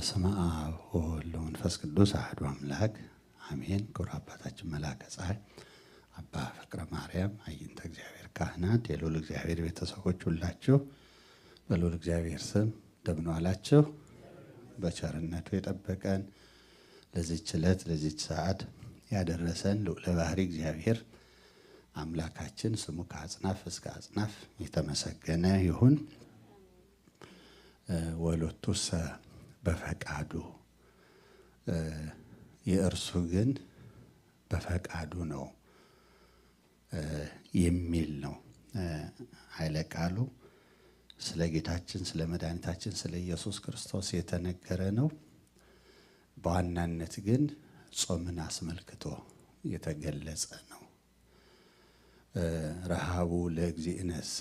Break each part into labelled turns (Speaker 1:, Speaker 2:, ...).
Speaker 1: በስመ አብ ወወልድ ወመንፈስ ቅዱስ አህዱ አምላክ አሜን። ክቡር አባታችን መላከ ፀሐይ አባ ፍቅረ ማርያም አይንተ እግዚአብሔር ካህናት፣ የልዑል እግዚአብሔር ቤተሰቦች ሁላችሁ በልዑል እግዚአብሔር ስም እንደምን ዋላችሁ። በቸርነቱ የጠበቀን ለዚች ዕለት ለዚች ሰዓት ያደረሰን ልዑለ ባህሪ እግዚአብሔር አምላካችን ስሙ ከአጽናፍ እስከ አጽናፍ የተመሰገነ ይሁን። ወሎቱ። በፈቃዱ የእርሱ ግን በፈቃዱ ነው የሚል ነው ኃይለ ቃሉ። ስለ ጌታችን ስለ መድኃኒታችን ስለ ኢየሱስ ክርስቶስ የተነገረ ነው። በዋናነት ግን ጾምን አስመልክቶ የተገለጸ ነው። ረሃቡ ለእግዚእነሰ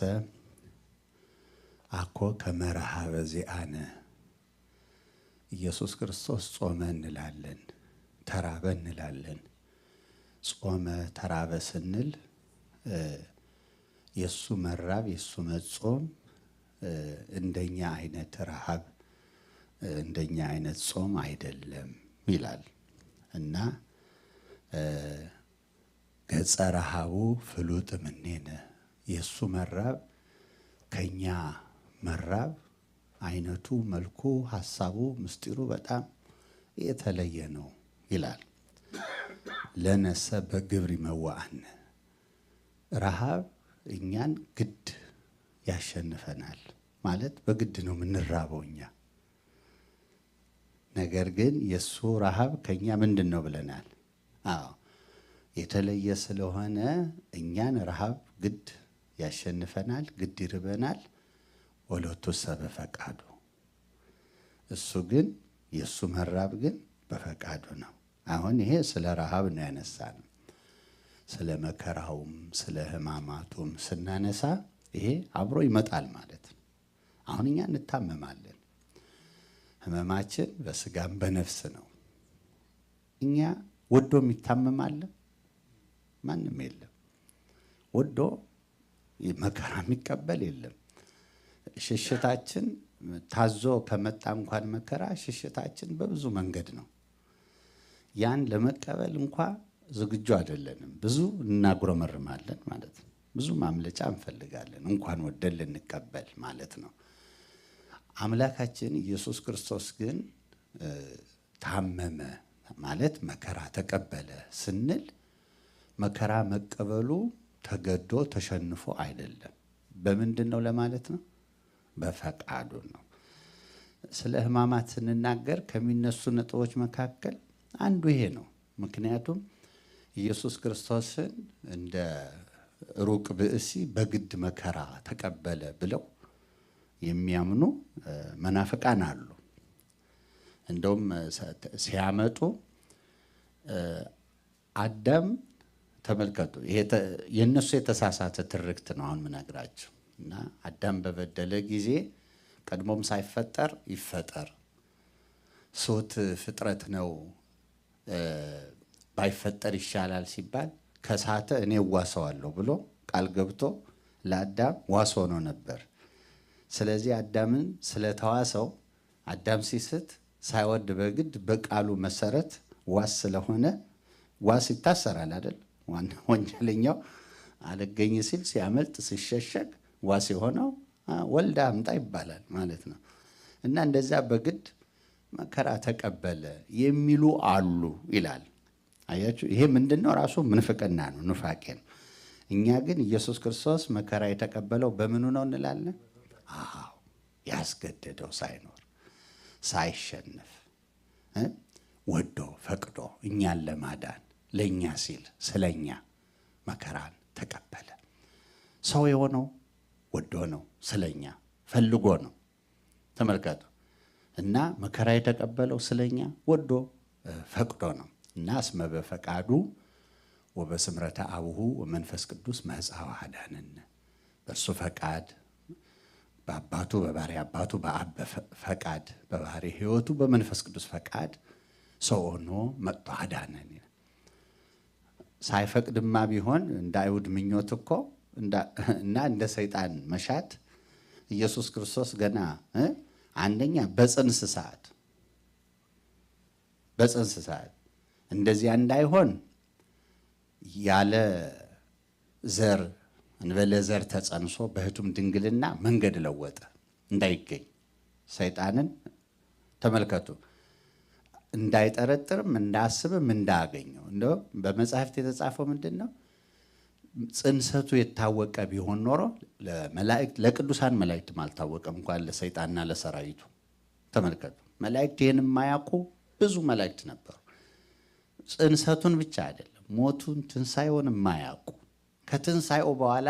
Speaker 1: አኮ ከመረሃበ ዚአነ ኢየሱስ ክርስቶስ ጾመ እንላለን፣ ተራበ እንላለን። ጾመ ተራበ ስንል የእሱ መራብ የእሱ መጾም እንደኛ አይነት ረሃብ እንደኛ አይነት ጾም አይደለም ይላል እና ገጸ ረሃቡ ፍሉጥ ምኔነ የእሱ መራብ ከእኛ መራብ አይነቱ፣ መልኩ፣ ሀሳቡ፣ ምስጢሩ በጣም የተለየ ነው ይላል። ለነሰ በግብር መዋአነ ረሃብ እኛን ግድ ያሸንፈናል። ማለት በግድ ነው የምንራበው እኛ። ነገር ግን የእሱ ረሃብ ከእኛ ምንድን ነው ብለናል? አዎ የተለየ ስለሆነ እኛን ረሃብ ግድ ያሸንፈናል፣ ግድ ይርበናል። ወለቶ ሰበ ፈቃዱ እሱ ግን የእሱ መራብ ግን በፈቃዱ ነው። አሁን ይሄ ስለ ረሃብ ነው ያነሳን። ስለ መከራውም ስለ ህማማቱም ስናነሳ ይሄ አብሮ ይመጣል ማለት ነው። አሁን እኛ እንታመማለን። ህመማችን በስጋም በነፍስ ነው። እኛ ወዶ የሚታመማለን ማንም የለም። ወዶ መከራ የሚቀበል የለም። ሽሽታችን ታዞ ከመጣ እንኳን መከራ ሽሽታችን በብዙ መንገድ ነው። ያን ለመቀበል እንኳ ዝግጁ አይደለንም። ብዙ እናጉረመርማለን ማለት ነው። ብዙ ማምለጫ እንፈልጋለን እንኳን ወደን ልንቀበል ማለት ነው። አምላካችን ኢየሱስ ክርስቶስ ግን ታመመ ማለት መከራ ተቀበለ ስንል መከራ መቀበሉ ተገዶ ተሸንፎ አይደለም። በምንድን ነው ለማለት ነው በፈቃዱ ነው። ስለ ሕማማት ስንናገር ከሚነሱ ነጥቦች መካከል አንዱ ይሄ ነው። ምክንያቱም ኢየሱስ ክርስቶስን እንደ ሩቅ ብእሲ በግድ መከራ ተቀበለ ብለው የሚያምኑ መናፍቃን አሉ። እንደውም ሲያመጡ አዳም ተመልከቱ፣ የእነሱ የተሳሳተ ትርክት ነው አሁን ምነግራቸው እና አዳም በበደለ ጊዜ ቀድሞም ሳይፈጠር ይፈጠር ሶት ፍጥረት ነው ባይፈጠር ይሻላል ሲባል ከሳተ እኔ እዋሰዋለሁ ብሎ ቃል ገብቶ ለአዳም ዋስ ሆኖ ነበር። ስለዚህ አዳምን ስለተዋሰው አዳም ሲስት ሳይወድ በግድ በቃሉ መሰረት ዋስ ስለሆነ ዋስ ይታሰራል አይደል? ዋና ወንጀለኛው አልገኝ ሲል ሲያመልጥ ሲሸሸግ ዋስ የሆነው ወልዳ አምጣ ይባላል ማለት ነው። እና እንደዛ በግድ መከራ ተቀበለ የሚሉ አሉ ይላል። አያችሁ፣ ይሄ ምንድን ነው? ራሱ ምንፍቅና ነው፣ ኑፋቄ ነው። እኛ ግን ኢየሱስ ክርስቶስ መከራ የተቀበለው በምኑ ነው እንላለን? አዎ ያስገደደው ሳይኖር ሳይሸነፍ ወዶ ፈቅዶ እኛን ለማዳን ለእኛ ሲል ስለኛ መከራን ተቀበለ ሰው የሆነው ወዶ ነው፣ ስለኛ ፈልጎ ነው። ተመልከቱ እና መከራ የተቀበለው ስለኛ ወዶ ፈቅዶ ነው እና እስመ በፈቃዱ ወበስምረተ አቡሁ ወመንፈስ ቅዱስ መጽሐው አዳንን በእርሱ ፈቃድ በአባቱ በባህሪ አባቱ በአብ ፈቃድ በባህሪ ሕይወቱ በመንፈስ ቅዱስ ፈቃድ ሰው ሆኖ መጥቶ አዳነን። ሳይፈቅድማ ቢሆን እንደ አይሁድ ምኞት እኮ እና እንደ ሰይጣን መሻት ኢየሱስ ክርስቶስ ገና አንደኛ በጽንስ ሰዓት በጽንስ ሰዓት እንደዚያ እንዳይሆን ያለ ዘር እንበለ ዘር ተጸንሶ በህቱም ድንግልና መንገድ ለወጠ እንዳይገኝ ሰይጣንን ተመልከቱ እንዳይጠረጥርም እንዳስብም እንዳያገኘው እንደ በመጽሐፍት የተጻፈው ምንድን ነው? ጽንሰቱ የታወቀ ቢሆን ኖሮ ለመላእክት ለቅዱሳን መላእክትም አልታወቀም፣ እንኳን ለሰይጣንና ለሰራዊቱ። ተመልከቱ፣ መላእክት ይህን የማያውቁ ብዙ መላእክት ነበሩ። ጽንሰቱን ብቻ አይደለም ሞቱን ትንሣኤውን የማያውቁ ከትንሣኤው በኋላ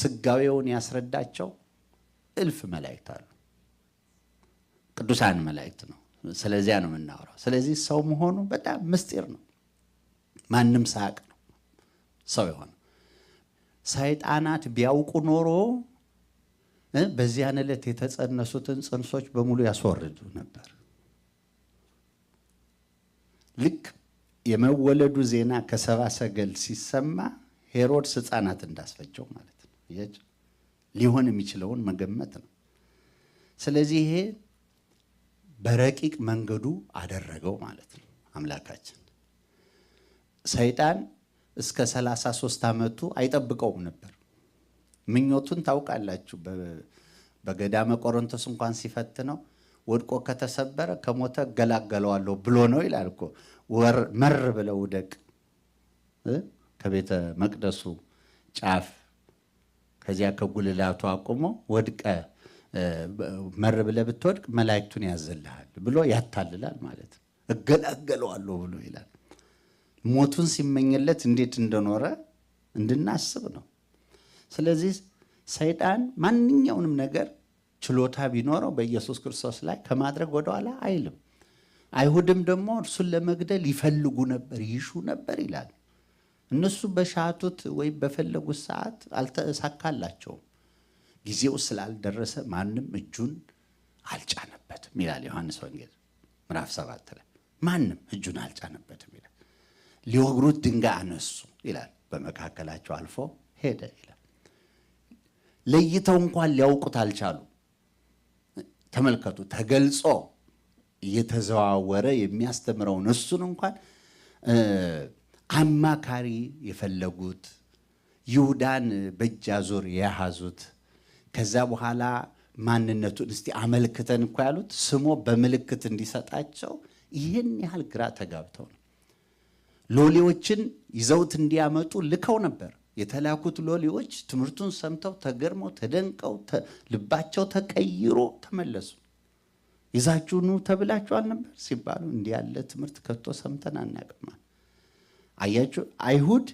Speaker 1: ስጋዌውን ያስረዳቸው እልፍ መላእክት አሉ። ቅዱሳን መላእክት ነው። ስለዚያ ነው የምናወራው። ስለዚህ ሰው መሆኑ በጣም ምስጢር ነው። ማንም ሳቅ ሰው የሆነ ሰይጣናት ቢያውቁ ኖሮ በዚያን ዕለት የተጸነሱትን ጽንሶች በሙሉ ያስወርዱ ነበር። ልክ የመወለዱ ዜና ከሰባ ሰገል ሲሰማ ሄሮድስ ህፃናት እንዳስፈጀው ማለት ነው። ሊሆን የሚችለውን መገመት ነው። ስለዚህ ይሄ በረቂቅ መንገዱ አደረገው ማለት ነው አምላካችን ሰይጣን እስከ 33 ዓመቱ አይጠብቀውም ነበር። ምኞቱን ታውቃላችሁ። በገዳመ ቆሮንቶስ እንኳን ሲፈትነው ወድቆ ከተሰበረ ከሞተ እገላገለዋለሁ ብሎ ነው ይላል እኮ። ወር መር ብለው ውደቅ ከቤተ መቅደሱ ጫፍ ከዚያ ከጉልላቱ አቁሞ ወድቀ መር ብለ ብትወድቅ መላእክቱን ያዘልሃል ብሎ ያታልላል ማለት ነው። እገላገለዋለሁ ብሎ ይላል። ሞቱን ሲመኝለት እንዴት እንደኖረ እንድናስብ ነው። ስለዚህ ሰይጣን ማንኛውንም ነገር ችሎታ ቢኖረው በኢየሱስ ክርስቶስ ላይ ከማድረግ ወደኋላ አይልም። አይሁድም ደግሞ እርሱን ለመግደል ይፈልጉ ነበር፣ ይሹ ነበር ይላል። እነሱ በሻቱት ወይም በፈለጉት ሰዓት አልተሳካላቸውም። ጊዜው ስላልደረሰ ማንም እጁን አልጫነበትም ይላል ዮሐንስ ወንጌል ምዕራፍ ሰባት ላይ ማንም እጁን አልጫነበትም ይላል። ሊወግሩት ድንጋይ አነሱ ይላል። በመካከላቸው አልፎ ሄደ ይላል። ለይተው እንኳን ሊያውቁት አልቻሉ። ተመልከቱ፣ ተገልጾ እየተዘዋወረ የሚያስተምረውን እሱን እንኳን አማካሪ የፈለጉት ይሁዳን በእጅ አዙር የያዙት ከዛ በኋላ ማንነቱን እስቲ አመልክተን እኮ ያሉት ስሞ በምልክት እንዲሰጣቸው ይህን ያህል ግራ ተጋብተው ነው። ሎሌዎችን ይዘውት እንዲያመጡ ልከው ነበር። የተላኩት ሎሌዎች ትምህርቱን ሰምተው ተገርመው ተደንቀው ልባቸው ተቀይሮ ተመለሱ። ይዛችሁ ኑ ተብላችኋል ነበር ሲባሉ እንዲህ ያለ ትምህርት ከቶ ሰምተን አናቅማል። አያችሁ፣ አይሁድ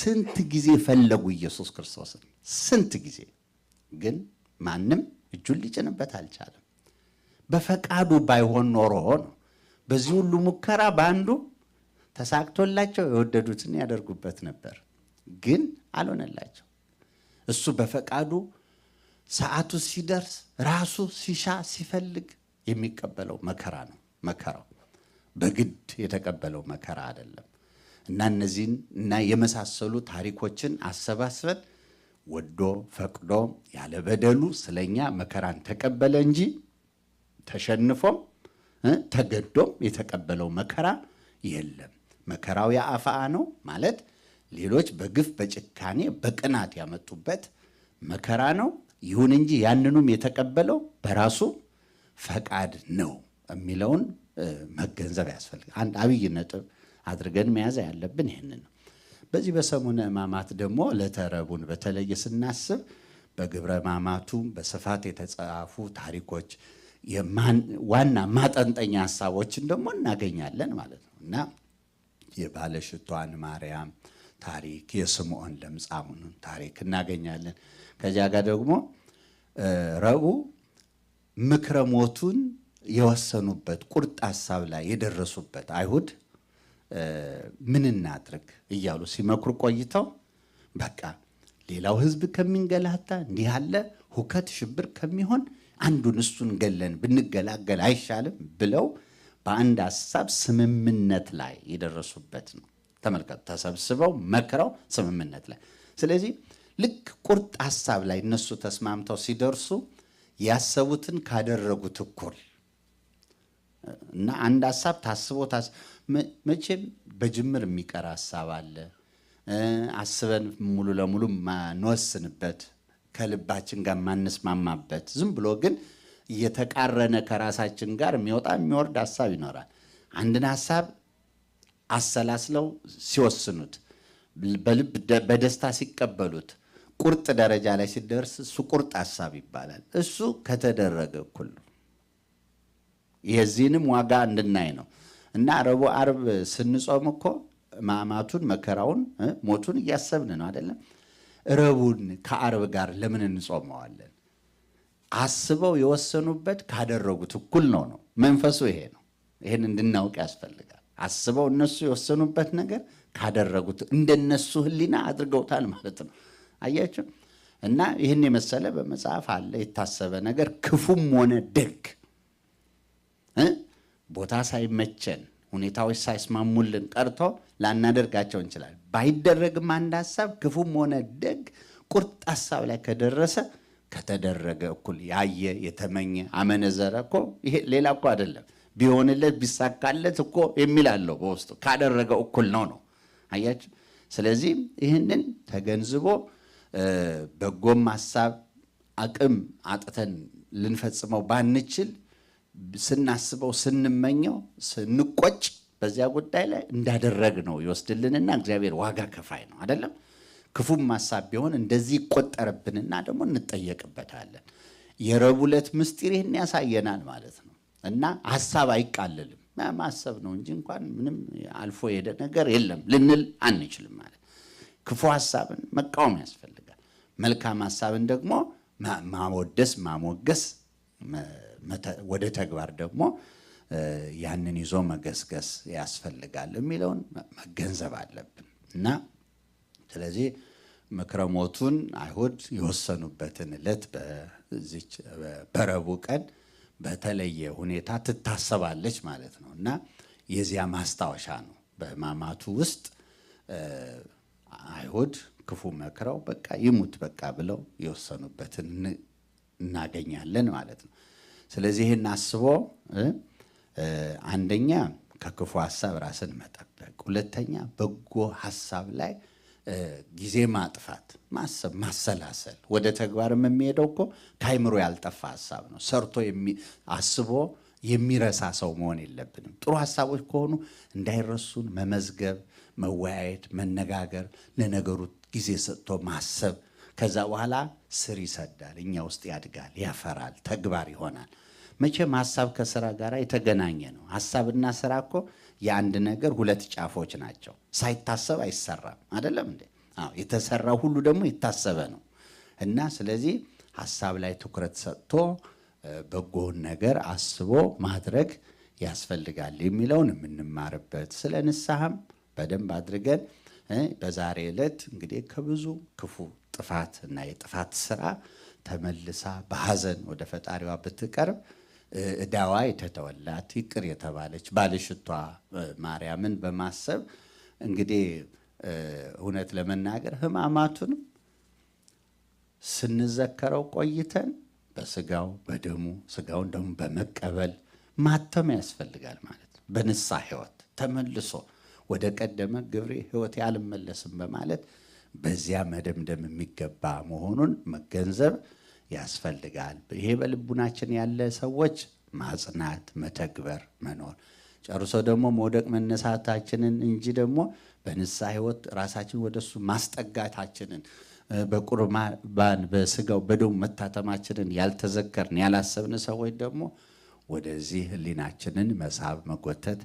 Speaker 1: ስንት ጊዜ ፈለጉ ኢየሱስ ክርስቶስን ስንት ጊዜ ግን ማንም እጁን ሊጭንበት አልቻለም። በፈቃዱ ባይሆን ኖሮ ነው። በዚህ ሁሉ ሙከራ በአንዱ ተሳክቶላቸው የወደዱትን ያደርጉበት ነበር፣ ግን አልሆነላቸው። እሱ በፈቃዱ ሰዓቱ ሲደርስ ራሱ ሲሻ ሲፈልግ የሚቀበለው መከራ ነው። መከራው በግድ የተቀበለው መከራ አይደለም። እና እነዚህን እና የመሳሰሉ ታሪኮችን አሰባስበን ወዶ ፈቅዶ ያለበደሉ ስለኛ መከራን ተቀበለ እንጂ ተሸንፎም ተገዶም የተቀበለው መከራ የለም። መከራው የአፍአ ነው ማለት ሌሎች በግፍ በጭካኔ በቅናት ያመጡበት መከራ ነው። ይሁን እንጂ ያንኑም የተቀበለው በራሱ ፈቃድ ነው የሚለውን መገንዘብ ያስፈልጋል። አንድ አብይ ነጥብ አድርገን መያዝ ያለብን ይህንን ነው። በዚህ በሰሙነ ሕማማት ደግሞ ለተረቡን በተለየ ስናስብ በግብረ ሕማማቱ በስፋት የተጻፉ ታሪኮች ዋና ማጠንጠኛ ሀሳቦችን ደግሞ እናገኛለን ማለት ነው እና የባለሽቷን ማርያም ታሪክ፣ የስምዖን ለምጻሙን ታሪክ እናገኛለን። ከዚያ ጋር ደግሞ ረቡዕ ምክረ ሞቱን የወሰኑበት ቁርጥ ሀሳብ ላይ የደረሱበት አይሁድ ምን እናድርግ እያሉ ሲመክሩ ቆይተው በቃ ሌላው ህዝብ ከሚንገላታ እንዲህ ያለ ሁከት ሽብር ከሚሆን አንዱን እሱን ገለን ብንገላገል አይሻልም ብለው በአንድ ሀሳብ ስምምነት ላይ የደረሱበት ነው። ተመልከቱ፣ ተሰብስበው መክረው ስምምነት ላይ። ስለዚህ ልክ ቁርጥ ሀሳብ ላይ እነሱ ተስማምተው ሲደርሱ ያሰቡትን ካደረጉት እኩል እና አንድ ሀሳብ ታስቦ መቼም በጅምር የሚቀር ሀሳብ አለ። አስበን ሙሉ ለሙሉ ማንወስንበት ከልባችን ጋር ማንስማማበት ዝም ብሎ ግን እየተቃረነ ከራሳችን ጋር የሚወጣ የሚወርድ ሀሳብ ይኖራል። አንድን ሀሳብ አሰላስለው ሲወስኑት፣ በልብ በደስታ ሲቀበሉት፣ ቁርጥ ደረጃ ላይ ሲደርስ እሱ ቁርጥ ሀሳብ ይባላል። እሱ ከተደረገ እኩል የዚህንም ዋጋ እንድናይ ነው እና ረቡዕ፣ ዓርብ ስንጾም እኮ ማማቱን መከራውን ሞቱን እያሰብን ነው አይደለም። ረቡዕን ከዓርብ ጋር ለምን እንጾመዋለን? አስበው የወሰኑበት ካደረጉት እኩል ነው ነው መንፈሱ ይሄ ነው። ይህን እንድናውቅ ያስፈልጋል። አስበው እነሱ የወሰኑበት ነገር ካደረጉት እንደነሱ ህሊና አድርገውታል ማለት ነው። አያችሁ እና ይህን የመሰለ በመጽሐፍ አለ የታሰበ ነገር ክፉም ሆነ ደግ ቦታ ሳይመቸን ሁኔታዎች ሳይስማሙልን ቀርቶ ላናደርጋቸው እንችላለን። ባይደረግም አንድ ሀሳብ ክፉም ሆነ ደግ ቁርጥ ሀሳብ ላይ ከደረሰ ከተደረገ እኩል ያየ የተመኘ አመነዘረ እኮ ይሄ ሌላ እኮ አይደለም። ቢሆንለት ቢሳካለት እኮ የሚል አለው በውስጡ ካደረገ እኩል ነው ነው አያችሁ። ስለዚህ ይህንን ተገንዝቦ በጎም ሀሳብ አቅም አጥተን ልንፈጽመው ባንችል ስናስበው ስንመኘው ስንቆጭ በዚያ ጉዳይ ላይ እንዳደረግ ነው ይወስድልንና እግዚአብሔር ዋጋ ከፋይ ነው አይደለም። ክፉም ማሳብ ቢሆን እንደዚህ ይቆጠርብንና ደግሞ እንጠየቅበታለን። የረቡዕ ዕለት ምስጢር ይህን ያሳየናል ማለት ነው እና ሀሳብ አይቃልልም። ማሰብ ነው እንጂ እንኳን ምንም አልፎ የሄደ ነገር የለም ልንል አንችልም። ማለት ክፉ ሀሳብን መቃወም ያስፈልጋል። መልካም ሀሳብን ደግሞ ማወደስ፣ ማሞገስ፣ ወደ ተግባር ደግሞ ያንን ይዞ መገስገስ ያስፈልጋል የሚለውን መገንዘብ አለብን እና ስለዚህ መክረሞቱን አይሁድ የወሰኑበትን ዕለት በዚች በረቡዕ ቀን በተለየ ሁኔታ ትታሰባለች ማለት ነው እና የዚያ ማስታወሻ ነው። በሕማማቱ ውስጥ አይሁድ ክፉ መክረው በቃ ይሙት በቃ ብለው የወሰኑበትን እናገኛለን ማለት ነው። ስለዚህ ይህን አስቦ አንደኛ ከክፉ ሀሳብ ራስን መጠበቅ፣ ሁለተኛ በጎ ሀሳብ ላይ ጊዜ ማጥፋት፣ ማሰብ፣ ማሰላሰል ወደ ተግባርም የሚሄደው እኮ ከአይምሮ ያልጠፋ ሀሳብ ነው። ሰርቶ አስቦ የሚረሳ ሰው መሆን የለብንም። ጥሩ ሀሳቦች ከሆኑ እንዳይረሱን መመዝገብ፣ መወያየት፣ መነጋገር፣ ለነገሩ ጊዜ ሰጥቶ ማሰብ ከዛ በኋላ ስር ይሰዳል፣ እኛ ውስጥ ያድጋል፣ ያፈራል፣ ተግባር ይሆናል። መቼም ሀሳብ ከስራ ጋር የተገናኘ ነው። ሀሳብና ስራ እኮ የአንድ ነገር ሁለት ጫፎች ናቸው። ሳይታሰብ አይሰራም። አይደለም እንዴ? አዎ፣ የተሰራ ሁሉ ደግሞ የታሰበ ነው። እና ስለዚህ ሀሳብ ላይ ትኩረት ሰጥቶ በጎውን ነገር አስቦ ማድረግ ያስፈልጋል የሚለውን የምንማርበት ስለ ንስሐም በደንብ አድርገን በዛሬ ዕለት እንግዲህ ከብዙ ክፉ ጥፋት እና የጥፋት ስራ ተመልሳ በሐዘን ወደ ፈጣሪዋ ብትቀርብ እዳዋ የተተወላት ይቅር የተባለች ባለሽቷ ማርያምን በማሰብ እንግዲህ እውነት ለመናገር ሕማማቱንም ስንዘከረው ቆይተን በስጋው በደሙ ስጋውን ደግሞ በመቀበል ማተም ያስፈልጋል ማለት ነው። በንሳ ህይወት ተመልሶ ወደ ቀደመ ግብሬ ህይወት አልመለስም በማለት በዚያ መደምደም የሚገባ መሆኑን መገንዘብ ያስፈልጋል። ይሄ በልቡናችን ያለ ሰዎች ማጽናት፣ መተግበር፣ መኖር ጨርሶ ደግሞ መውደቅ መነሳታችንን እንጂ ደግሞ በንስሐ ሕይወት ራሳችን ወደሱ ማስጠጋታችንን በቁርባን በስጋው በደሙ መታተማችንን ያልተዘከርን ያላሰብን ሰዎች ደግሞ ወደዚህ ህሊናችንን መሳብ መጎተት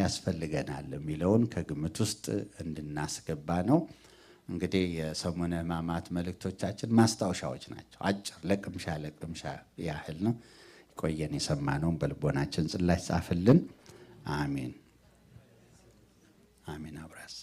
Speaker 1: ያስፈልገናል የሚለውን ከግምት ውስጥ እንድናስገባ ነው። እንግዲህ የሰሙነ ሕማማት መልእክቶቻችን ማስታወሻዎች ናቸው። አጭር ለቅምሻ ለቅምሻ ያህል ነው። ቆየን የሰማነውን በልቦናችን ጽላሽ ጻፍልን። አሜን አሜን አብራሳ